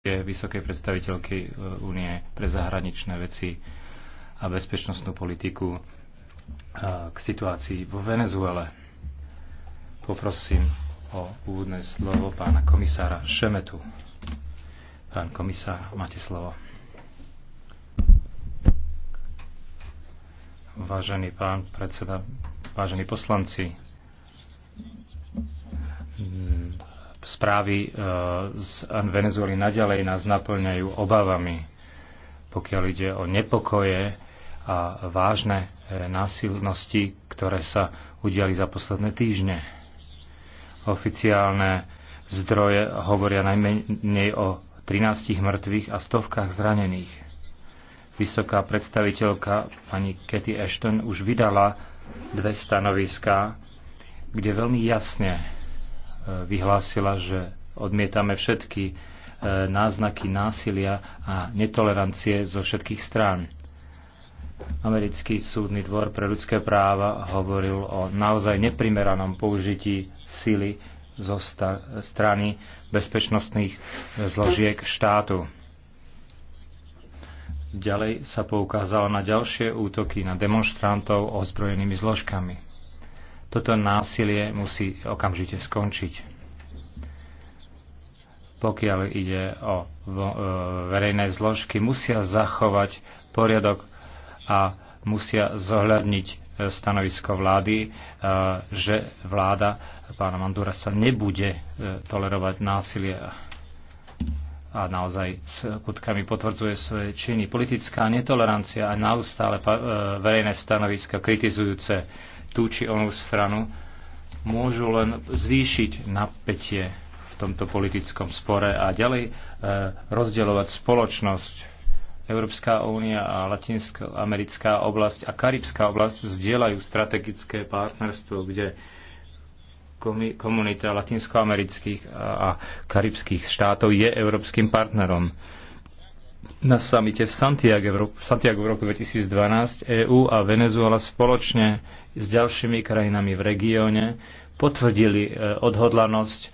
vysokej predstaviteľky e, Únie pre zahraničné veci a bezpečnostnú politiku e, k situácii vo Venezuele. Poprosím o úvodné slovo pána komisára Šemetu. Pán komisár, máte slovo. Vážený pán predseda, vážení poslanci, správy e, z Venezuely naďalej nás naplňajú obavami, pokiaľ ide o nepokoje a vážne e, násilnosti, ktoré sa udiali za posledné týždne. Oficiálne zdroje hovoria najmenej o 13 mŕtvych a stovkách zranených. Vysoká predstaviteľka pani Katie Ashton už vydala dve stanoviská, kde veľmi jasne vyhlásila, že odmietame všetky e, náznaky násilia a netolerancie zo všetkých strán. Americký súdny dvor pre ľudské práva hovoril o naozaj neprimeranom použití sily zo strany bezpečnostných e, zložiek štátu. Ďalej sa poukázalo na ďalšie útoky na demonstrantov ozbrojenými zložkami. Toto násilie musí okamžite skončiť. Pokiaľ ide o e, verejné zložky, musia zachovať poriadok a musia zohľadniť e, stanovisko vlády, e, že vláda pána Mandura sa nebude tolerovať násilie a naozaj s kutkami potvrdzuje svoje činy. Politická netolerancia a neustále verejné stanoviska kritizujúce tú či onú stranu, môžu len zvýšiť napätie v tomto politickom spore a ďalej e, rozdeľovať spoločnosť. Európska únia a Latinskoamerická oblasť a Karibská oblasť zdieľajú strategické partnerstvo, kde komunita latinskoamerických a karibských štátov je európskym partnerom na samite v Santiago, v roku 2012 EÚ a Venezuela spoločne s ďalšími krajinami v regióne potvrdili e, odhodlanosť e,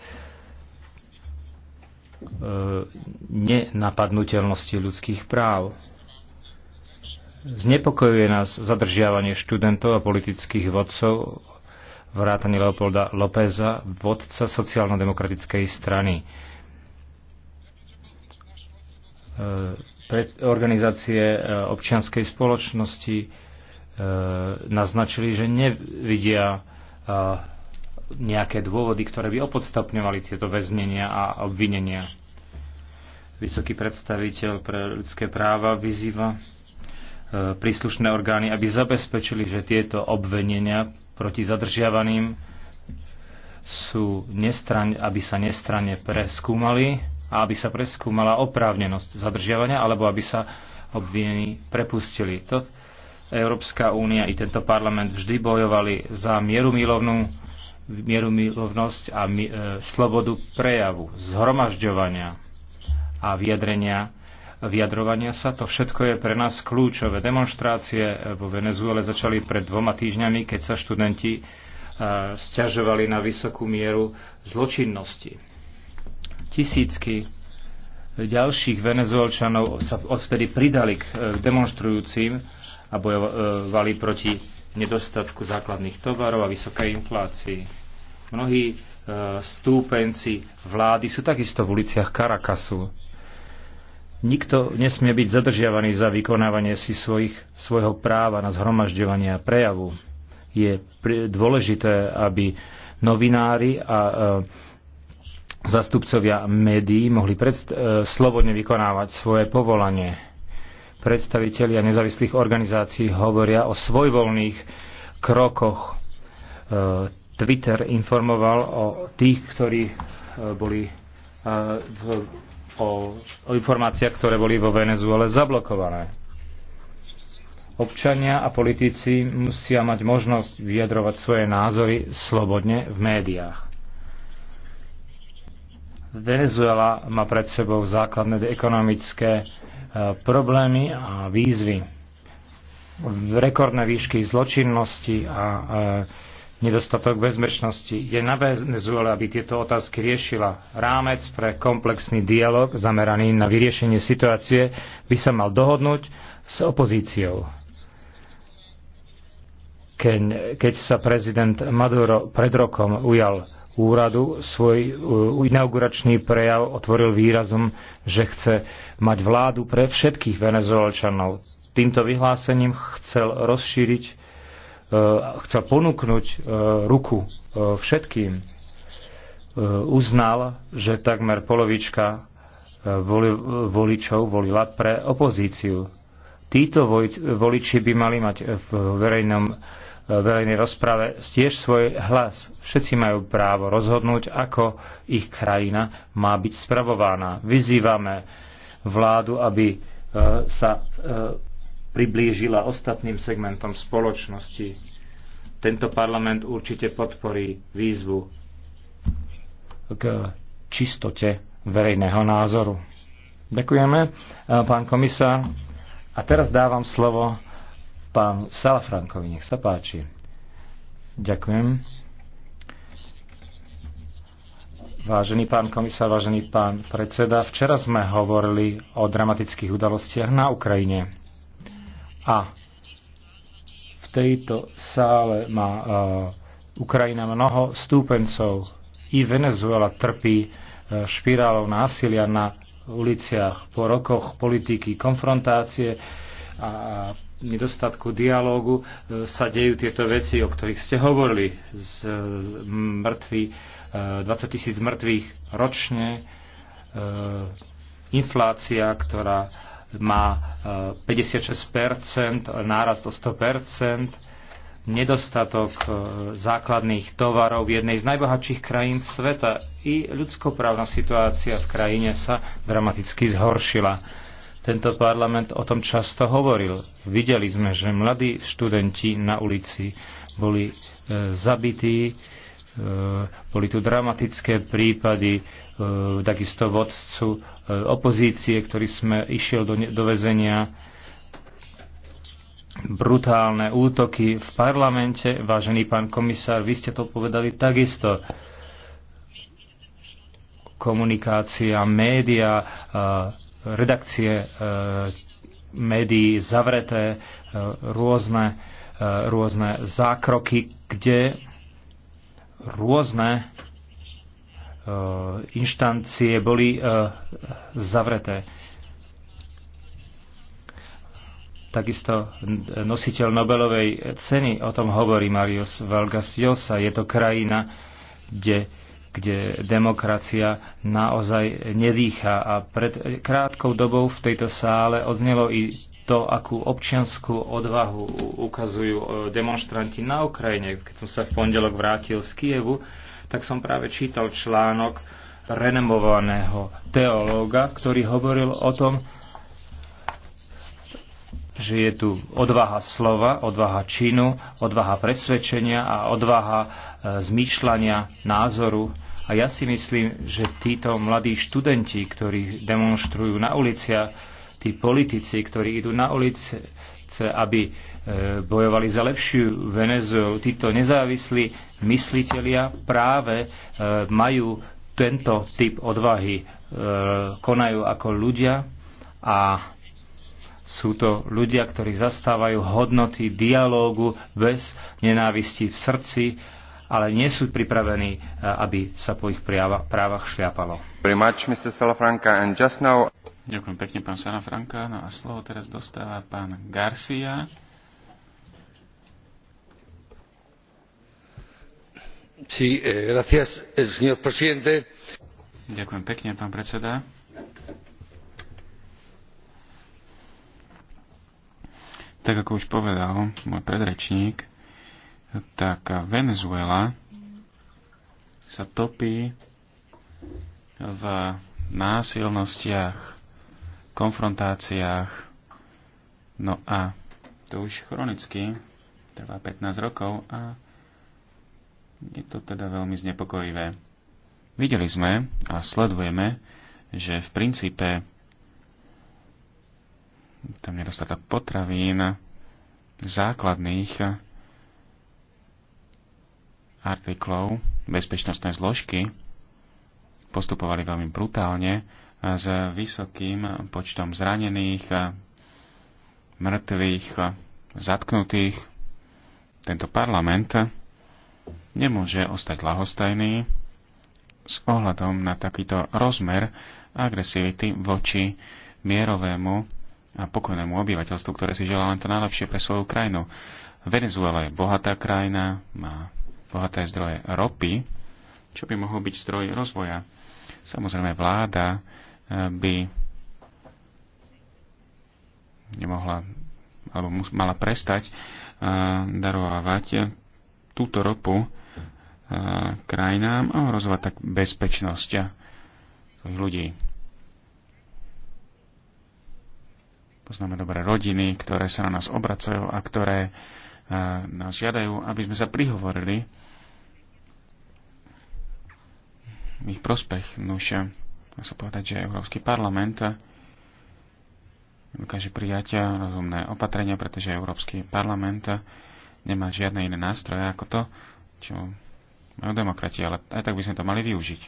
nenapadnutelnosti ľudských práv. Znepokojuje nás zadržiavanie študentov a politických vodcov vrátane Leopolda Lópeza, vodca sociálno-demokratickej strany E, organizácie e, občianskej spoločnosti e, naznačili, že nevidia nejaké dôvody, ktoré by opodstatňovali tieto väznenia a obvinenia. Vysoký predstaviteľ pre ľudské práva vyzýva príslušné orgány, aby zabezpečili, že tieto obvinenia proti zadržiavaným sú nestran, aby sa nestranne preskúmali a aby sa preskúmala oprávnenosť zadržiavania alebo aby sa obvinení prepustili. To Európska únia i tento parlament vždy bojovali za mierumilovnú mierumilovnosť a mi, e, slobodu prejavu, zhromažďovania a vyjadrenia, vyjadrovania sa. To všetko je pre nás kľúčové. Demonstrácie e, vo Venezuele začali pred dvoma týždňami, keď sa študenti e, stiažovali na vysokú mieru zločinnosti Tisícky ďalších venezuelčanov sa odvtedy pridali e, k demonstrujúcim a bojovali proti nedostatku základných tovarov a vysokej inflácii. Mnohí e, stúpenci vlády sú takisto v uliciach Karakasu. Nikto nesmie byť zadržiavaný za vykonávanie si svojich, svojho práva na zhromažďovanie a prejavu. Je dôležité, aby novinári a e, zastupcovia médií mohli predst- e, slobodne vykonávať svoje povolanie. Predstavitelia nezávislých organizácií hovoria o svojvoľných krokoch. E, Twitter informoval o tých, ktorí e, boli v, o, o informáciách, ktoré boli vo Venezuele zablokované. Občania a politici musia mať možnosť vyjadrovať svoje názory slobodne v médiách. Venezuela má pred sebou základné ekonomické e, problémy a výzvy. Rekordné výšky zločinnosti a e, nedostatok bezpečnosti. Je na Venezuela, aby tieto otázky riešila. Rámec pre komplexný dialog zameraný na vyriešenie situácie by sa mal dohodnúť s opozíciou. Keď, keď sa prezident Maduro pred rokom ujal úradu svoj e, inauguračný prejav otvoril výrazom, že chce mať vládu pre všetkých venezuelčanov. Týmto vyhlásením chcel rozšíriť, e, chcel ponúknuť e, ruku všetkým. Uznal, že takmer polovička voličov volila pre opozíciu. Títo voliči by mali mať v verejnom verejnej rozprave tiež svoj hlas. Všetci majú právo rozhodnúť, ako ich krajina má byť spravovaná. Vyzývame vládu, aby e, sa e, priblížila ostatným segmentom spoločnosti. Tento parlament určite podporí výzvu k čistote verejného názoru. Ďakujeme, e, pán komisár. A teraz dávam slovo pánu Salafrankovi. Nech sa páči. Ďakujem. Vážený pán komisár, vážený pán predseda, včera sme hovorili o dramatických udalostiach na Ukrajine. A v tejto sále má uh, Ukrajina mnoho stúpencov. I Venezuela trpí uh, špirálou násilia na uliciach po rokoch politiky konfrontácie a nedostatku dialógu e, sa dejú tieto veci, o ktorých ste hovorili. Z, z mŕtvy, 20 e, tisíc mŕtvych ročne, e, inflácia, ktorá má 56%, nárast o 100%, nedostatok základných tovarov v jednej z najbohatších krajín sveta i ľudskoprávna situácia v krajine sa dramaticky zhoršila tento parlament o tom často hovoril. Videli sme, že mladí študenti na ulici boli e, zabití, e, boli tu dramatické prípady, e, takisto vodcu e, opozície, ktorý sme išiel do, do väzenia, brutálne útoky v parlamente. Vážený pán komisár, vy ste to povedali takisto. Komunikácia, média, redakcie e, médií zavreté, e, rôzne, e, rôzne zákroky, kde rôzne inštancie boli zavreté. Takisto nositeľ Nobelovej ceny o tom hovorí Marius Valgas Llosa. Je to krajina, kde kde demokracia naozaj nedýcha. A pred krátkou dobou v tejto sále odznelo i to, akú občianskú odvahu ukazujú e, demonstranti na Ukrajine. Keď som sa v pondelok vrátil z Kievu, tak som práve čítal článok renomovaného teológa, ktorý hovoril o tom, že je tu odvaha slova, odvaha činu, odvaha presvedčenia a odvaha e, zmýšľania názoru a ja si myslím, že títo mladí študenti, ktorí demonstrujú na uliciach, tí politici, ktorí idú na ulice, aby e, bojovali za lepšiu Venezuelu, títo nezávislí myslitelia práve e, majú tento typ odvahy. E, konajú ako ľudia a sú to ľudia, ktorí zastávajú hodnoty dialógu bez nenávisti v srdci ale nie sú pripravení, e, aby sa po ich právach šliapalo. Much, now... Ďakujem pekne, pán Salafranca. No a slovo teraz dostáva pán Garcia. Sí, eh, gracias, señor presidente. Ďakujem pekne, pán predseda. Tak ako už povedal môj predrečník, tak Venezuela sa topí v násilnostiach, konfrontáciách, no a to už chronicky trvá 15 rokov a je to teda veľmi znepokojivé. Videli sme a sledujeme, že v princípe tam nedostatok potravín, základných artiklov bezpečnostné zložky postupovali veľmi brutálne e, s vysokým počtom zranených, e, mŕtvych, e, zatknutých. Tento parlament nemôže ostať lahostajný s ohľadom na takýto rozmer agresivity voči mierovému a pokojnému obyvateľstvu, ktoré si želá len to najlepšie pre svoju krajinu. Venezuela je bohatá krajina, má bohaté zdroje ropy, čo by mohol byť zdroj rozvoja. Samozrejme, vláda eh, by nemohla alebo mala prestať eh, darovávať túto ropu eh, krajinám a ohrozovať tak bezpečnosť tých ľudí. Poznáme dobré rodiny, ktoré sa na nás obracajú a ktoré nás žiadajú, aby sme sa prihovorili v ich prospech. Nuž, dá sa povedať, že Európsky parlament dokáže prijať rozumné opatrenia, pretože Európsky parlament nemá žiadne iné nástroje ako to, čo majú demokrati, ale aj tak by sme to mali využiť.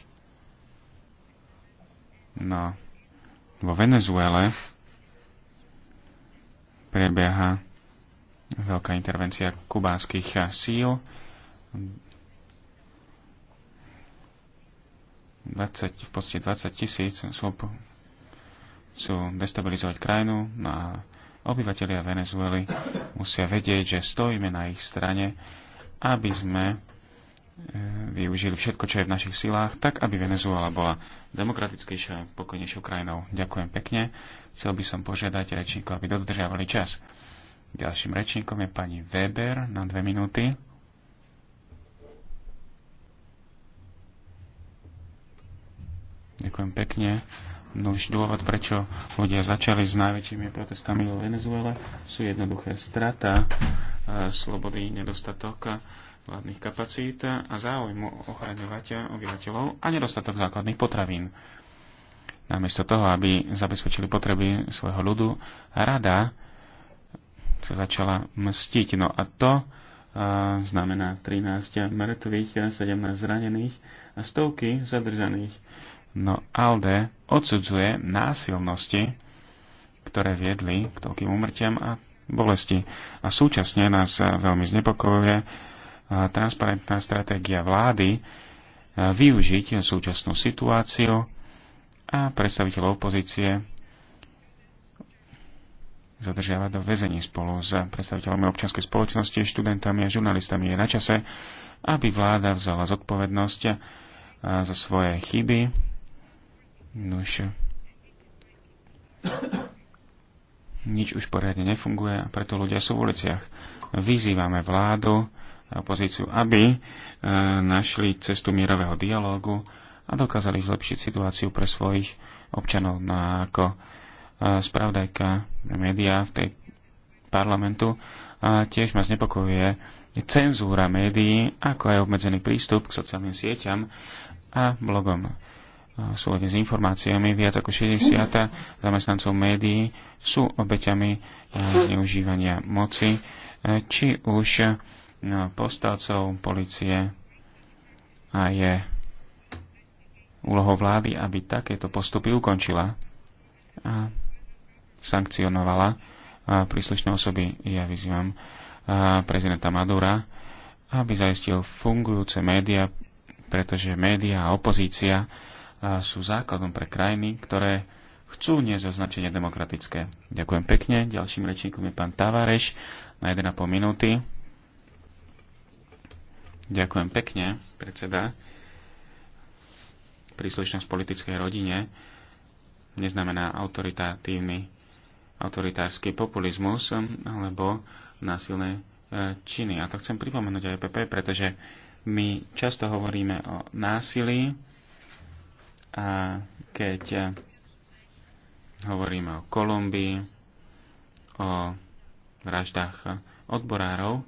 No, vo Venezuele prebieha veľká intervencia kubánskych eh, síl. 20, v podstate 20 tisíc slúb chcú destabilizovať krajinu no a obyvateľia Venezuely musia vedieť, že stojíme na ich strane, aby sme eh, využili všetko, čo je v našich silách, tak aby Venezuela bola demokratickejšia a pokojnejšou krajinou. Ďakujem pekne. Chcel by som požiadať rečníkov, aby dodržiavali čas. Ďalším rečníkom je pani Weber na dve minúty. Ďakujem pekne. No už dôvod, prečo ľudia začali s najväčšími protestami vo Venezuele, sú jednoduché strata, e, slobody, nedostatok vládnych kapacít a záujmu ochraňovať obyvateľov a nedostatok základných potravín. Namiesto toho, aby zabezpečili potreby svojho ľudu, rada sa začala mstiť. No a to e, znamená 13 mŕtvych, 17 zranených a stovky zadržaných. No Alde odsudzuje násilnosti, ktoré viedli k toľkým umrtiam a bolesti. A súčasne nás veľmi znepokojuje e, transparentná stratégia vlády e, využiť súčasnú situáciu a predstaviteľov opozície zadržiavať do väzení spolu s predstaviteľmi občianskej spoločnosti, študentami a žurnalistami. Je na čase, aby vláda vzala zodpovednosť za svoje chyby. Nuž. Nič už poriadne nefunguje a preto ľudia sú v uliciach. Vyzývame vládu a opozíciu, aby e, našli cestu mierového dialógu a dokázali zlepšiť situáciu pre svojich občanov. No a ako spravodajka médiá v tej parlamentu, a tiež ma znepokojuje cenzúra médií, ako aj obmedzený prístup k sociálnym sieťam a blogom. Súhodne s informáciami viac ako 60 zamestnancov médií sú obeťami e, zneužívania moci, e, či už e, postavcov, policie a je úlohou vlády, aby takéto postupy ukončila. A sankcionovala príslušné osoby. Ja vyzývam prezidenta Madura, aby zaistil fungujúce médiá, pretože médiá a opozícia sú základom pre krajiny, ktoré chcú niesť označenie demokratické. Ďakujem pekne. Ďalším rečníkom je pán Tavareš na 1,5 minúty. Ďakujem pekne, predseda. Príslušnosť politickej rodine neznamená autoritatívny autoritársky populizmus um, alebo násilné e, činy. A to chcem pripomenúť aj EPP, pretože my často hovoríme o násilí a keď e, hovoríme o Kolumbii, o vraždách e, odborárov,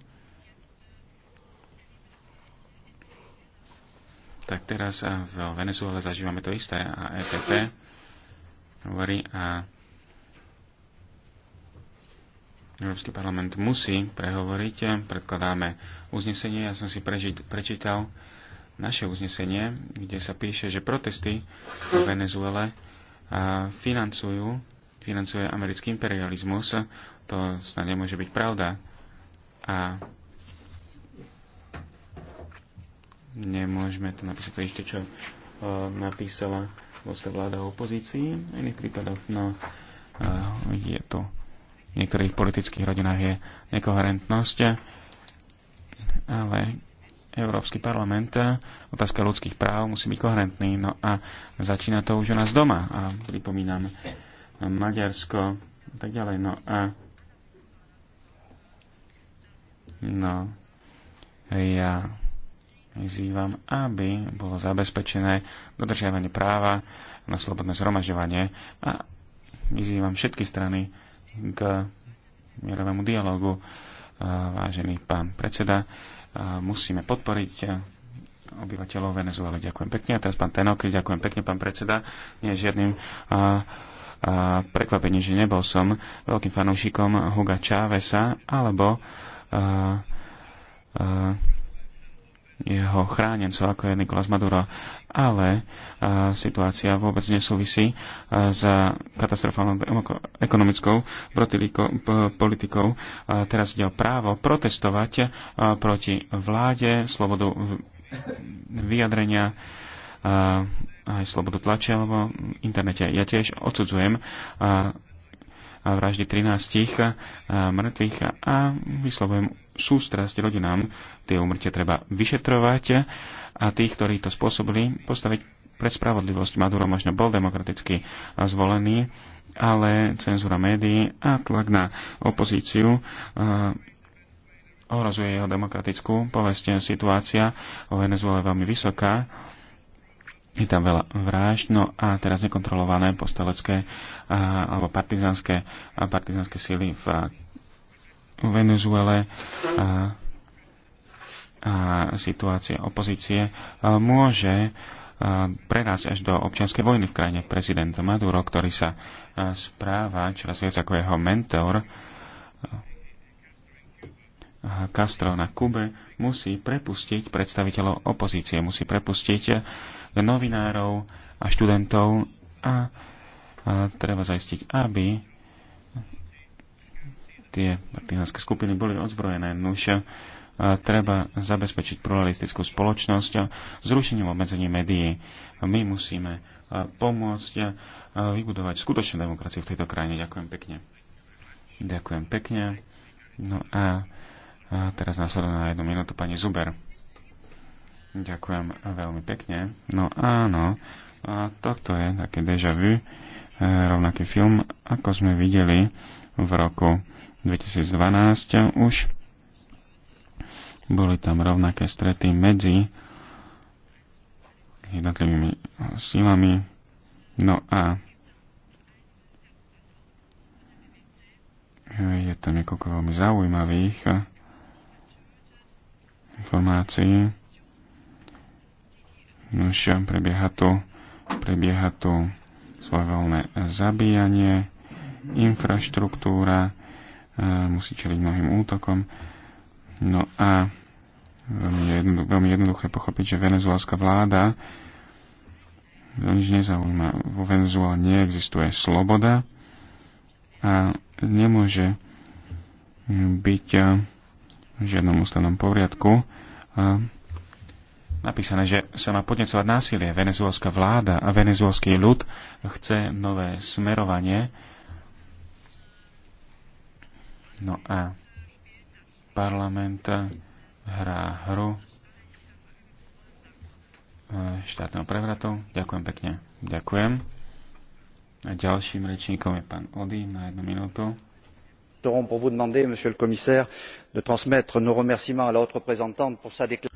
tak teraz v Venezuele zažívame to isté a EPP hovorí a Európsky parlament musí prehovoriť. Predkladáme uznesenie. Ja som si prežiť, prečítal naše uznesenie, kde sa píše, že protesty v Venezuele financujú, financuje americký imperializmus. To snad nemôže byť pravda. A nemôžeme to napísať to ešte, čo napísala voľská vláda opozícii. V iných prípadoch no, je to v niektorých politických rodinách je nekoherentnosť, ale Európsky parlament, otázka ľudských práv musí byť koherentný. No a začína to už u nás doma. A pripomínam Maďarsko a tak ďalej. No a no, ja vyzývam, aby bolo zabezpečené dodržiavanie práva na slobodné zhromažďovanie a vyzývam všetky strany k mierovému dialogu. Vážený pán predseda, musíme podporiť obyvateľov Venezuele. Ďakujem pekne. A teraz pán Tenok, ďakujem pekne, pán predseda. Nie žiadnym a, a prekvapení, že nebol som veľkým fanúšikom Huga Chávesa alebo a, a, jeho chránencov, ako je Nikolás Maduro. Ale e, situácia vôbec nesúvisí e, s katastrofálnou ekonomickou politikou. E, teraz ide o právo protestovať proti vláde, slobodu vyjadrenia, aj slobodu tlače alebo internete. Ja tiež odsudzujem a, vraždy 13 mŕtvych a vyslovujem sústrasť rodinám. Tie umrtia treba vyšetrovať a tých, ktorí to spôsobili, postaviť pre spravodlivosť. Maduro možno bol demokraticky zvolený, ale cenzúra médií a tlak na opozíciu ohrozuje jeho demokratickú povesť. Situácia o Venezuele je veľmi vysoká. Je tam veľa vražd, no a teraz nekontrolované postelecké uh, alebo partizánske, a partizánske síly v Venezuele a, a situácia opozície môže prerásť až do občianskej vojny v krajine. Prezident Maduro, ktorý sa správa čoraz viac ako jeho mentor, Castro na Kube musí prepustiť predstaviteľov opozície, musí prepustiť novinárov a študentov a, a treba zaistiť, aby tie partizánske skupiny boli odzbrojené. Nuž e, treba zabezpečiť pluralistickú spoločnosť zrušením obmedzení médií. My musíme e, pomôcť e, vybudovať skutočnú demokraciu v tejto krajine. Ďakujem pekne. Ďakujem pekne. No a teraz následujem na jednu minútu pani Zuber. Ďakujem veľmi pekne. No áno, a toto je také déjà vu, rovnaký film, ako sme videli v roku 2012 už boli tam rovnaké strety medzi jednotlivými silami. No a je tam niekoľko veľmi zaujímavých informácií. Už prebieha tu, prebieha tu voľné zabíjanie, infraštruktúra e, musí čeliť mnohým útokom. No a veľmi, jednoduch, veľmi jednoduché pochopiť, že venezuelská vláda nič nezaujíma. Vo Venezuele neexistuje sloboda a nemôže byť v žiadnom ústavnom poriadku e, napísané, že sa má podnecovať násilie. Venezuelská vláda a venezuelský ľud chce nové smerovanie No a parlament hrá hru e, štátneho prevratu. Ďakujem pekne. Ďakujem. A ďalším rečníkom je pán Ody na jednu minútu. pour vous demander, monsieur le commissaire, de transmettre nos remerciements à la haute représentante pour sa déclaration.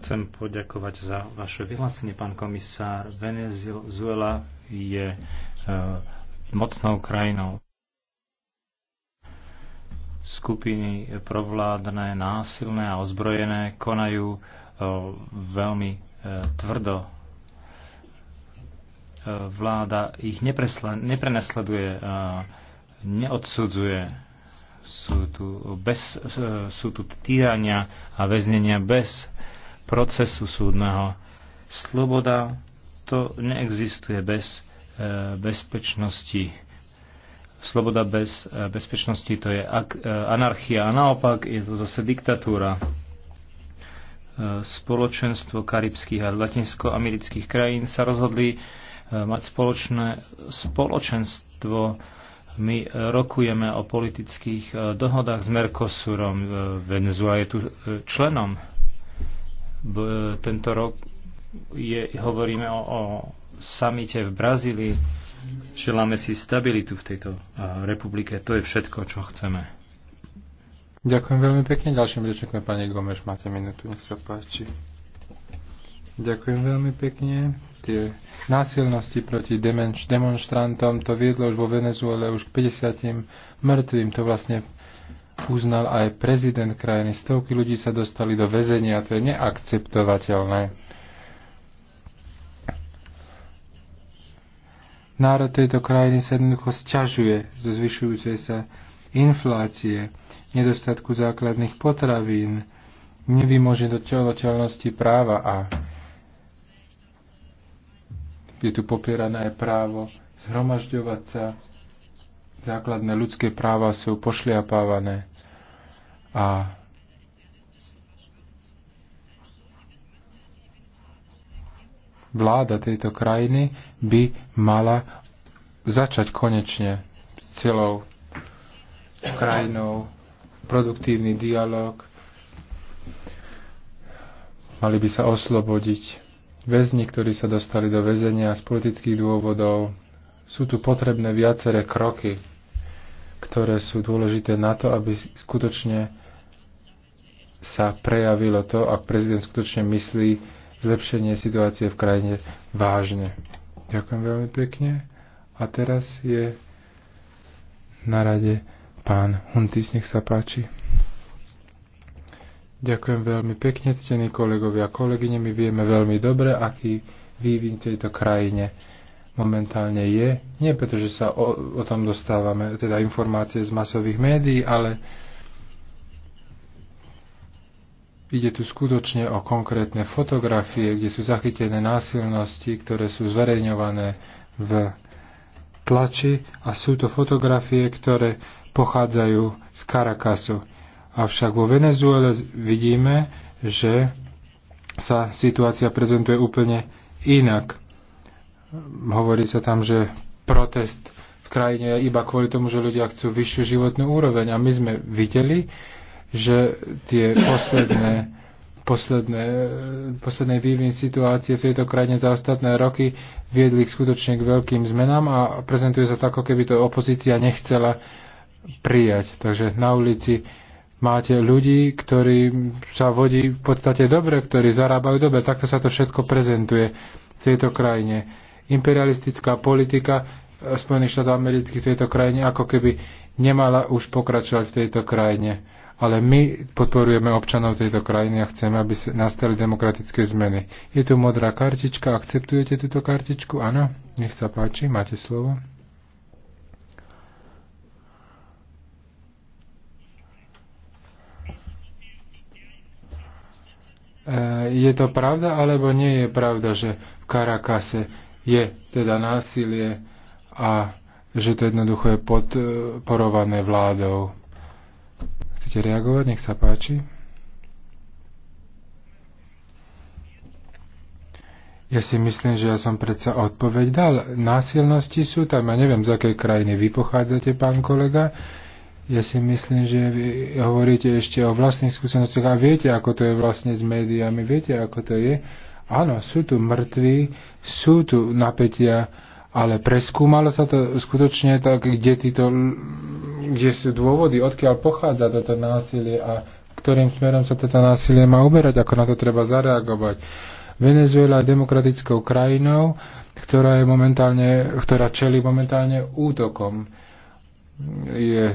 Chcem poďakovať za vaše vyhlásenie, pán komisár. Venezuela je e, mocnou krajinou skupiny provládne, násilné a ozbrojené konajú e, veľmi e, tvrdo. E, vláda ich neprenesleduje, neodsudzuje. Sú tu, bez, sú tu týrania a väznenia bez procesu súdneho. Sloboda to neexistuje bez bezpečnosti Sloboda bez e, bezpečnosti to je e, anarchia a naopak je to zase diktatúra. E, spoločenstvo karibských a latinskoamerických krajín sa rozhodli mať spoločné spoločenstvo. My rokujeme o politických dohodách s Mercosurom. Venezuela je tu členom. Tento rok je, hovoríme o, o samite v Brazílii Želáme si stabilitu v tejto republike. To je všetko, čo chceme. Ďakujem veľmi pekne. Ďalším rečekom pani Gomeš. Máte minútu, nech sa páči. Ďakujem veľmi pekne. Tie násilnosti proti demenč, demonstrantom to viedlo už vo Venezuele už k 50 mŕtvým. To vlastne uznal aj prezident krajiny. Stovky ľudí sa dostali do väzenia. To je neakceptovateľné. Národ tejto krajiny sa jednoducho sťažuje zo zvyšujúcej sa inflácie, nedostatku základných potravín, telotelnosti práva a je tu popierané právo zhromažďovať sa, základné ľudské práva sú pošliapávané a vláda tejto krajiny by mala začať konečne s celou krajinou produktívny dialog. Mali by sa oslobodiť väzni, ktorí sa dostali do väzenia z politických dôvodov. Sú tu potrebné viaceré kroky, ktoré sú dôležité na to, aby skutočne sa prejavilo to, ak prezident skutočne myslí zlepšenie situácie v krajine vážne. Ďakujem veľmi pekne. A teraz je na rade pán Huntis, nech sa páči. Ďakujem veľmi pekne, ctení kolegovia a kolegyne. My vieme veľmi dobre, aký vývin tejto krajine momentálne je. Nie preto, že sa o, o tom dostávame, teda informácie z masových médií, ale Ide tu skutočne o konkrétne fotografie, kde sú zachytené násilnosti, ktoré sú zverejňované v tlači a sú to fotografie, ktoré pochádzajú z Caracasu. Avšak vo Venezuele vidíme, že sa situácia prezentuje úplne inak. Hovorí sa tam, že protest v krajine je iba kvôli tomu, že ľudia chcú vyššiu životnú úroveň. A my sme videli, že tie posledné posledné, posledné vývin situácie v tejto krajine za ostatné roky viedli k skutočne k veľkým zmenám a prezentuje sa tak, ako keby to opozícia nechcela prijať. Takže na ulici máte ľudí, ktorí sa vodí v podstate dobre, ktorí zarábajú dobre. Takto sa to všetko prezentuje v tejto krajine. Imperialistická politika Spojených štátov amerických v tejto krajine ako keby nemala už pokračovať v tejto krajine ale my podporujeme občanov tejto krajiny a chceme, aby nastali demokratické zmeny. Je tu modrá kartička, akceptujete túto kartičku? Áno, nech sa páči, máte slovo. E, je to pravda alebo nie je pravda, že v Karakase je teda násilie a že to jednoducho je podporované vládou? Chcete reagovať? Nech sa páči. Ja si myslím, že ja som predsa odpoveď dal. Násilnosti sú tam, ja neviem, z akej krajiny vy pochádzate, pán kolega. Ja si myslím, že vy hovoríte ešte o vlastných skúsenostiach a viete, ako to je vlastne s médiami, viete, ako to je. Áno, sú tu mŕtvi, sú tu napätia, ale preskúmalo sa to skutočne tak, kde, títo, kde sú dôvody, odkiaľ pochádza toto násilie a ktorým smerom sa toto násilie má uberať, ako na to treba zareagovať. Venezuela je demokratickou krajinou, ktorá, je momentálne, ktorá čeli momentálne útokom. Je,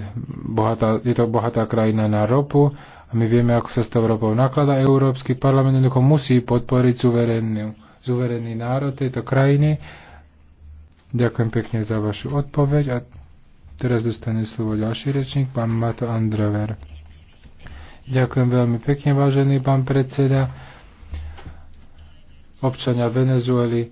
bohatá, je to bohatá krajina na ropu a my vieme, ako sa s tou ropou naklada. Európsky parlament jednoducho musí podporiť suverénny, suverénny národ tejto krajiny Ďakujem pekne za vašu odpoveď a teraz dostane slovo ďalší rečník, pán Mato Androver. Ďakujem veľmi pekne, vážený pán predseda. Občania Venezuely e,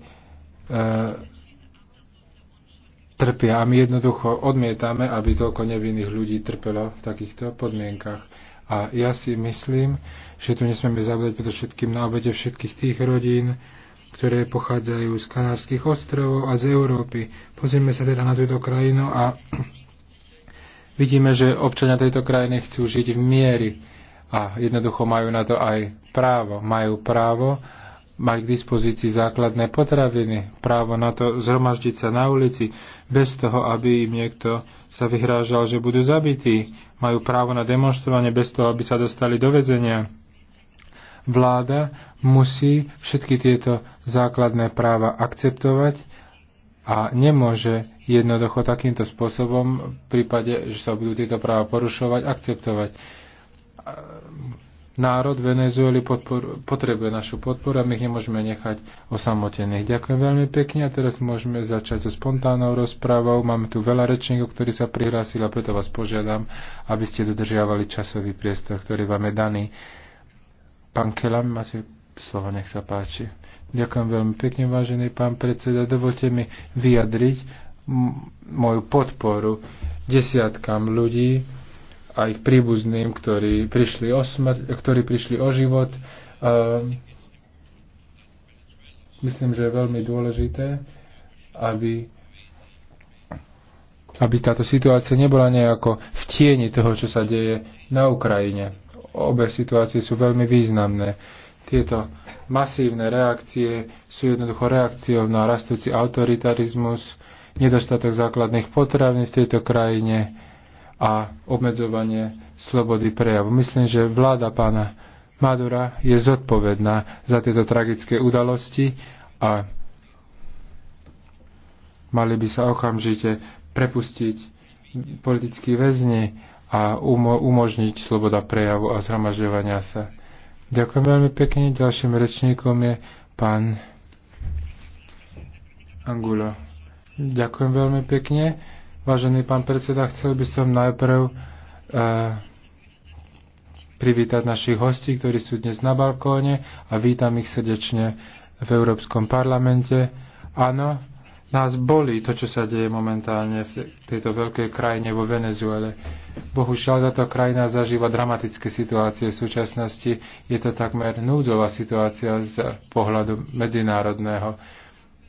trpia a my jednoducho odmietame, aby toľko nevinných ľudí trpelo v takýchto podmienkach. A ja si myslím, že tu nesmieme zavedať preto všetkým na obete všetkých tých rodín, ktoré pochádzajú z Kanárskych ostrovov a z Európy. Pozrieme sa teda na túto krajinu a vidíme, že občania tejto krajiny chcú žiť v miery a jednoducho majú na to aj právo. Majú právo mať k dispozícii základné potraviny, právo na to zhromaždiť sa na ulici, bez toho, aby im niekto sa vyhrážal, že budú zabití. Majú právo na demonstrovanie bez toho, aby sa dostali do väzenia. Vláda musí všetky tieto základné práva akceptovať a nemôže jednoducho takýmto spôsobom, v prípade, že sa budú tieto práva porušovať, akceptovať. Národ Venezueli podpor, potrebuje našu podporu a my ich nemôžeme nechať osamotených. Ďakujem veľmi pekne a teraz môžeme začať so spontánnou rozprávou. Máme tu veľa rečníkov, ktorí sa prihlásili a preto vás požiadam, aby ste dodržiavali časový priestor, ktorý vám je daný. Pán Kelam, máte slovo, nech sa páči. Ďakujem veľmi pekne, vážený pán predseda. Dovolte mi vyjadriť moju podporu desiatkám ľudí a ich príbuzným, ktorí prišli o, smr- ktorí prišli o život. Uh, myslím, že je veľmi dôležité, aby aby táto situácia nebola nejako v tieni toho, čo sa deje na Ukrajine. Obe situácie sú veľmi významné tieto masívne reakcie sú jednoducho reakciou na rastúci autoritarizmus, nedostatok základných potravín v tejto krajine a obmedzovanie slobody prejavu. Myslím, že vláda pána Madura je zodpovedná za tieto tragické udalosti a mali by sa okamžite prepustiť politickí väzni a umo- umožniť sloboda prejavu a zhromažďovania sa. Ďakujem veľmi pekne. Ďalším rečníkom je pán Angulo. Ďakujem veľmi pekne. Vážený pán predseda, chcel by som najprv uh, privítať našich hostí, ktorí sú dnes na balkóne a vítam ich srdečne v Európskom parlamente. Áno, nás bolí to, čo sa deje momentálne v tejto veľkej krajine vo Venezuele. Bohužiaľ, táto krajina zažíva dramatické situácie. V súčasnosti je to takmer núdzová situácia z pohľadu medzinárodného.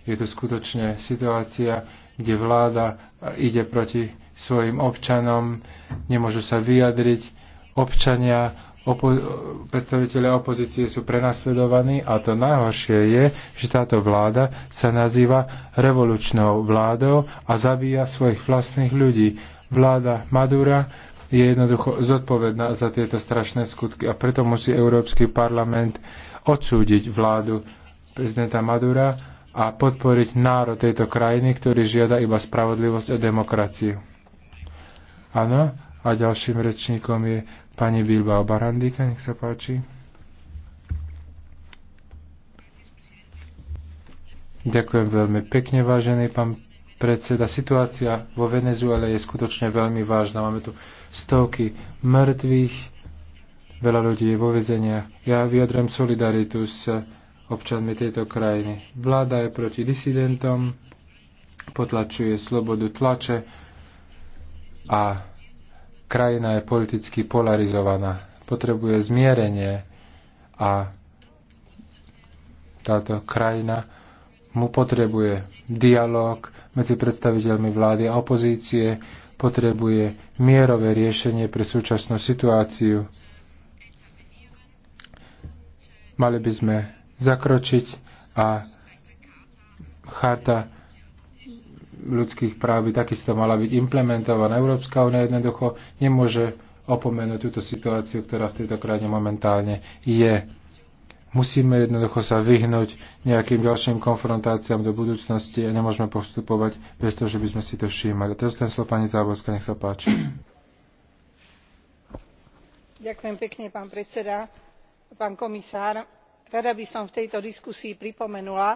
Je to skutočne situácia, kde vláda ide proti svojim občanom, nemôžu sa vyjadriť. Občania opo- predstaviteľe opozície sú prenasledovaní a to najhoršie je, že táto vláda sa nazýva revolučnou vládou a zabíja svojich vlastných ľudí. Vláda Madura je jednoducho zodpovedná za tieto strašné skutky a preto musí Európsky parlament odsúdiť vládu prezidenta Madura a podporiť národ tejto krajiny, ktorý žiada iba spravodlivosť a demokraciu. Áno, a ďalším rečníkom je Pani Bilbao Barandika, nech sa páči. Ďakujem veľmi pekne, vážený pán predseda. Situácia vo Venezuele je skutočne veľmi vážna. Máme tu stovky mŕtvych, veľa ľudí je vo vezeniach. Ja vyjadrem solidaritu s občanmi tejto krajiny. Vláda je proti disidentom, potlačuje slobodu tlače a krajina je politicky polarizovaná. Potrebuje zmierenie a táto krajina mu potrebuje dialog medzi predstaviteľmi vlády a opozície, potrebuje mierové riešenie pre súčasnú situáciu. Mali by sme zakročiť a charta ľudských práv by takisto mala byť implementovaná. Európska únia jednoducho nemôže opomenúť túto situáciu, ktorá v tejto krajine momentálne je. Musíme jednoducho sa vyhnúť nejakým ďalším konfrontáciám do budúcnosti a nemôžeme postupovať bez toho, že by sme si to všímali. Teraz len slovo pani Záborská, nech sa páči. Ďakujem pekne, pán predseda, pán komisár. Rada by som v tejto diskusii pripomenula,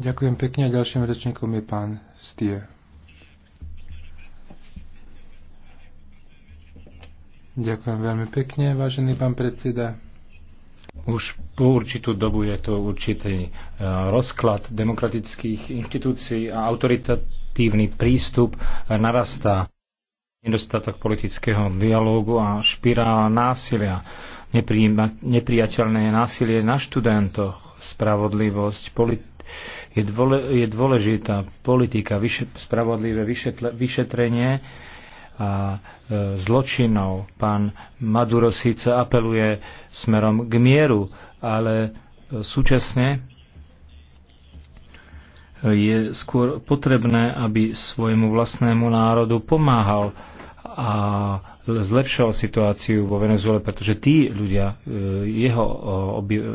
Ďakujem pekne a ďalším rečníkom je pán Stier. Ďakujem veľmi pekne, vážený pán predseda. Už po určitú dobu je to určitý e, rozklad demokratických inštitúcií a autoritatívny prístup e, narastá nedostatok politického dialógu a špirála násilia, nepriateľné násilie na študentoch, spravodlivosť, politi- je, dôle, je dôležitá politika, vyše, spravodlivé vyšetle, vyšetrenie a e, zločinov. Pán Maduro síce apeluje smerom k mieru, ale e, súčasne e, je skôr potrebné, aby svojmu vlastnému národu pomáhal a zlepšoval situáciu vo Venezuele, pretože tí ľudia, e, jeho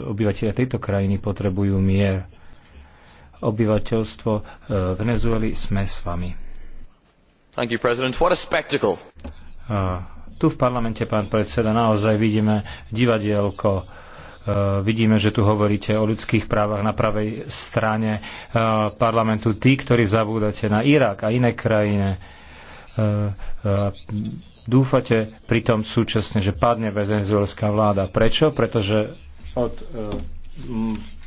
obyvateľe tejto krajiny potrebujú mier obyvateľstvo e, Venezuely, sme s vami. Thank you, President. What a spectacle. Uh, tu v parlamente, pán predseda, naozaj vidíme divadielko. Uh, vidíme, že tu hovoríte o ľudských právach na pravej strane uh, parlamentu. Tí, ktorí zabúdate na Irak a iné krajine, dúfate pritom súčasne, že padne venezuelská vláda. Prečo? Pretože od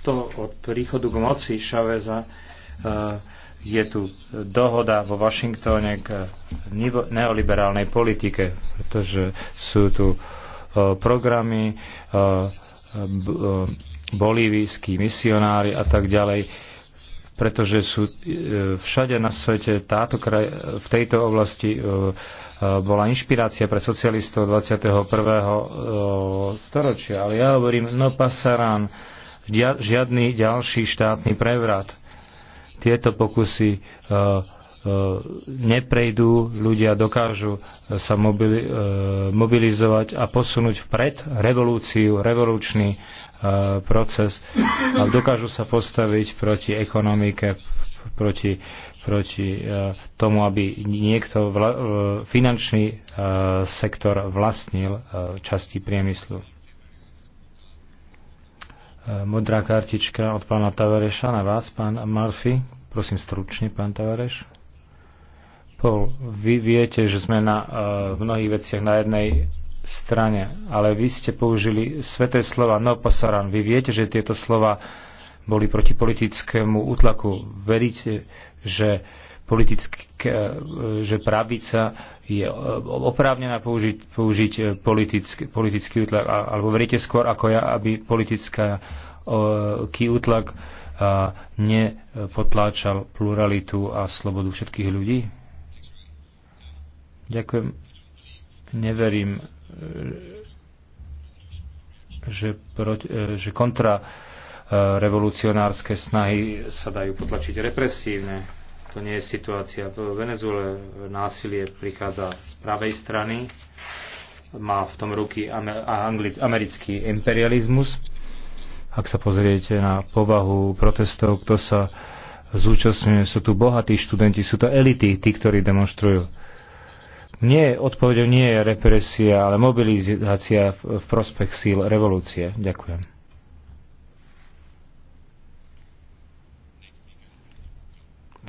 to od príchodu k moci Šaveza e, je tu dohoda vo Washingtone k neoliberálnej politike, pretože sú tu e, programy e, bolívijskí misionári a tak ďalej, pretože sú všade na svete táto kraj, v tejto oblasti bola inšpirácia pre socialistov 21. storočia. Ale ja hovorím, no Pasarán žiadny ďalší štátny prevrat. Tieto pokusy e, e, neprejdú, ľudia dokážu e, sa mobili, mobilizovať a posunúť vpred revolúciu, revolučný proces a dokážu sa postaviť proti ekonomike, proti, proti tomu, aby niekto vla, finančný sektor vlastnil časti priemyslu. Modrá kartička od pána Tavareša na vás, pán Murphy. Prosím stručne, pán Tavareš. Paul, vy viete, že sme na, e, v mnohých veciach na jednej strane, ale vy ste použili sveté slova no pasaran. Vy viete, že tieto slova boli proti politickému útlaku. Veríte, že politické, eh, že pravica je eh, oprávnená použiť, použiť eh, politický, politický útlak, alebo veríte skôr ako ja, aby politický útlak nepotláčal pluralitu a slobodu všetkých ľudí? Ďakujem. Neverím, že, proti, že kontra revolucionárske snahy sa dajú potlačiť represívne to nie je situácia. V Venezuele násilie prichádza z pravej strany. Má v tom ruky americký imperializmus. Ak sa pozriete na povahu protestov, kto sa zúčastňuje, sú tu bohatí študenti, sú to elity, tí, ktorí demonstrujú. Nie, odpovedou nie je represia, ale mobilizácia v prospech síl revolúcie. Ďakujem.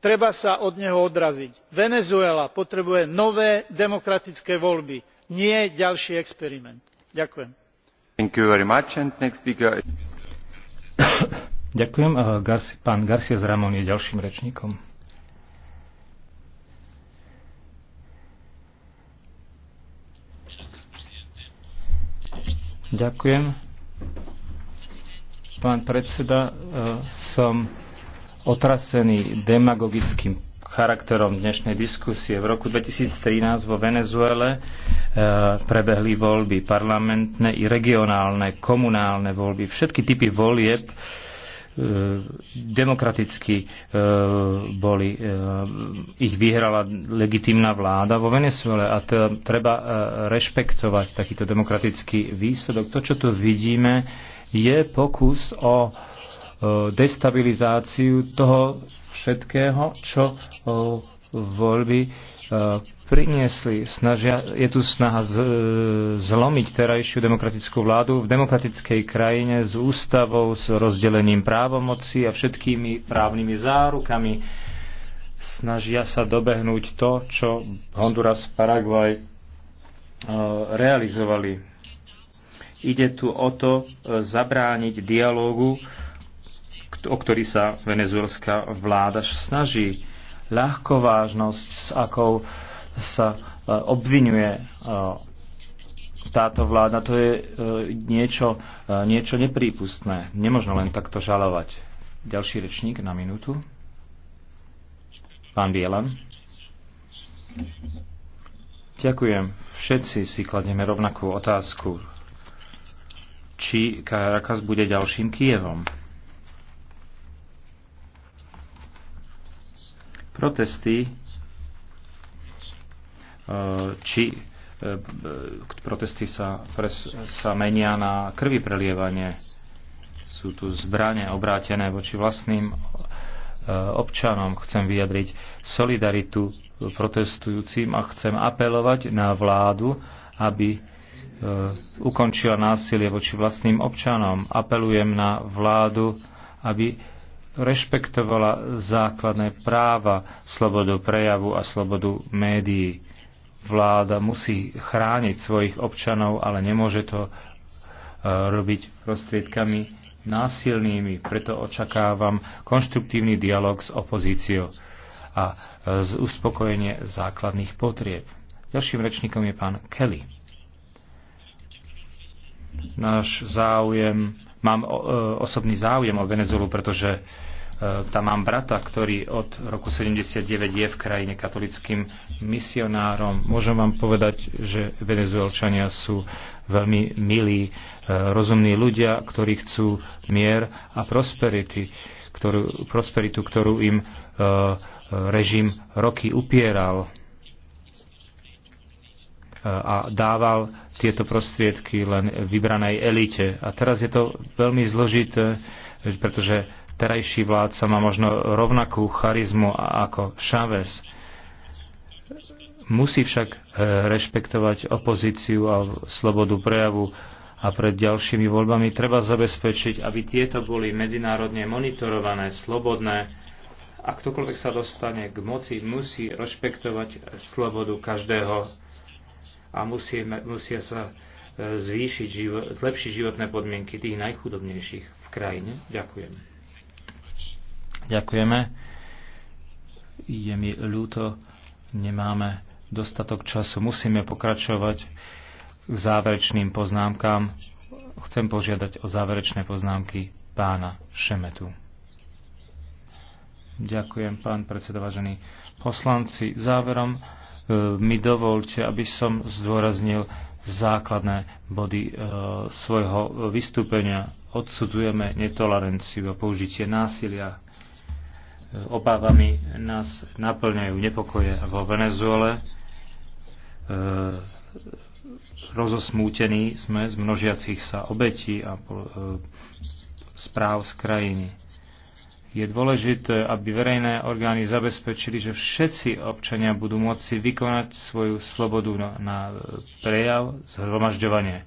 treba sa od neho odraziť. venezuela potrebuje nové demokratické voľby nie ďalší experiment. ďakujem. Pán predseda, e, som otrasený demagogickým charakterom dnešnej diskusie. V roku 2013 vo Venezuele e, prebehli voľby parlamentné i regionálne, komunálne voľby. Všetky typy volieb e, demokraticky e, boli, ich vyhrala legitímna vláda vo Venezuele a treba rešpektovať takýto demokratický výsledok. To, čo tu vidíme, je pokus o E, destabilizáciu toho všetkého, čo e, voľby e, priniesli. Snažia, je tu snaha z, zlomiť terajšiu demokratickú vládu v demokratickej krajine s ústavou, s rozdelením právomoci a všetkými právnymi zárukami. Snažia sa dobehnúť to, čo Honduras Paraguaj realizovali. Ide tu o to zabrániť dialógu o ktorý sa venezuelská vláda snaží. Ľahkovážnosť, s akou sa e, obvinuje e, táto vláda, to je e, niečo, niečo neprípustné. Nemožno len takto žalovať. Ďalší rečník na minútu. Pán Bielan. Ďakujem. Všetci si kladieme rovnakú otázku. Či Karakas bude ďalším Kievom? protesty, e, či e, e, protesty sa, pres, sa menia na krvi prelievanie. Sú tu zbranie obrátené voči vlastným občanom. Chcem vyjadriť solidaritu protestujúcim a chcem apelovať na vládu, aby ukončila násilie voči vlastným občanom. Apelujem na vládu, aby rešpektovala základné práva, slobodu prejavu a slobodu médií. Vláda musí chrániť svojich občanov, ale nemôže to e, robiť prostriedkami násilnými. Preto očakávam konštruktívny dialog s opozíciou a e, z uspokojenie základných potrieb. Ďalším rečníkom je pán Kelly. Náš záujem Mám e, osobný záujem o Venezuelu, pretože e, tam mám brata, ktorý od roku 79 je v krajine katolickým misionárom. Môžem vám povedať, že venezuelčania sú veľmi milí, e, rozumní ľudia, ktorí chcú mier a prosperity, ktorú, prosperitu, ktorú im režim roky upieral a dával tieto prostriedky len vybranej elite. A teraz je to veľmi zložité, pretože terajší vládca má možno rovnakú charizmu ako Chávez. Musí však e, rešpektovať opozíciu a slobodu prejavu a pred ďalšími voľbami treba zabezpečiť, aby tieto boli medzinárodne monitorované, slobodné a ktokoľvek sa dostane k moci, musí rešpektovať slobodu každého a musíme, musia sa e, zvýšiť živo, zlepšiť životné podmienky tých najchudobnejších v krajine. Ďakujem. Ďakujeme. Je mi ľúto, nemáme dostatok času. Musíme pokračovať k záverečným poznámkám. Chcem požiadať o záverečné poznámky pána Šemetu. Ďakujem, pán predseda, vážení poslanci. Záverom E, mi dovolte, aby som zdôraznil základné body e, svojho vystúpenia. Odsudzujeme netoleranciu a použitie násilia. E, obávami nás naplňajú nepokoje vo Venezuele. Rozosmútení sme z množiacich sa obetí a správ z krajiny je dôležité, aby verejné orgány zabezpečili, že všetci občania budú môcť vykonať svoju slobodu na, na prejav, zhromažďovanie. E,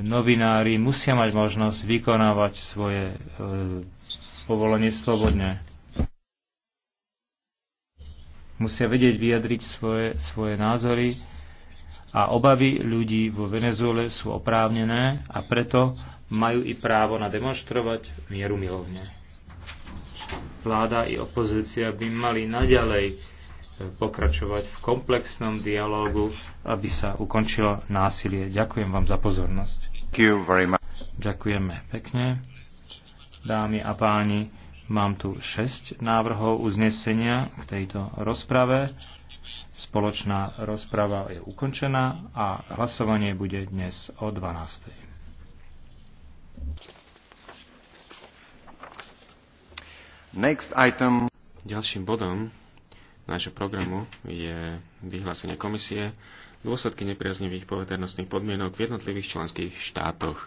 novinári musia mať možnosť vykonávať svoje e, povolenie slobodne. Musia vedieť vyjadriť svoje, svoje názory a obavy ľudí vo Venezuele sú oprávnené a preto majú i právo na demonstrovať mieru milovne. Vláda i opozícia by mali naďalej e, pokračovať v komplexnom dialógu, aby sa ukončilo násilie. Ďakujem vám za pozornosť. Ďakujeme pekne. Dámy a páni, mám tu 6 návrhov uznesenia k tejto rozprave. Spoločná rozprava je ukončená a hlasovanie bude dnes o 12. Next item. Ďalším bodom nášho programu je vyhlásenie komisie dôsledky nepriaznivých poveternostných podmienok v jednotlivých členských štátoch.